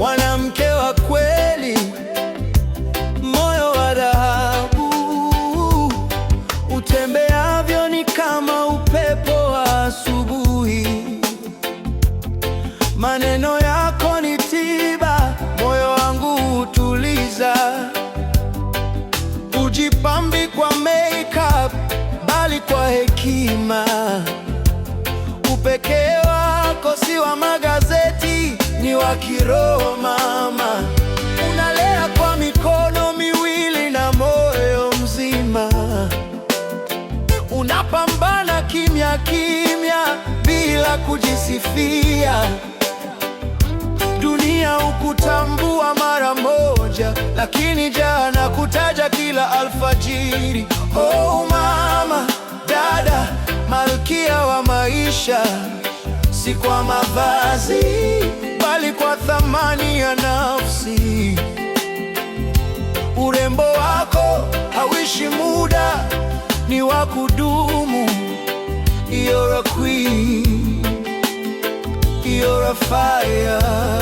mwanamke wa kweli, moyo wa dhahabu, utembeavyo ni kama upepo wa asubuhi. Maneno yako ni tiba, moyo wangu utuliza. Ujipambi kwa makeup, bali kwa hekima. Upekee wako si wa magazeti ni wa kiroho mama, unalea kwa mikono miwili na moyo mzima, unapambana kimya kimya bila kujisifia, dunia ukutambua mara moja, lakini jana kutaja kila alfajiri. Oh mama, dada, malkia wa maisha, si kwa mavazi kwa thamani ya nafsi. Urembo wako hauishi muda, ni wa kudumu. You're a queen, you're a fire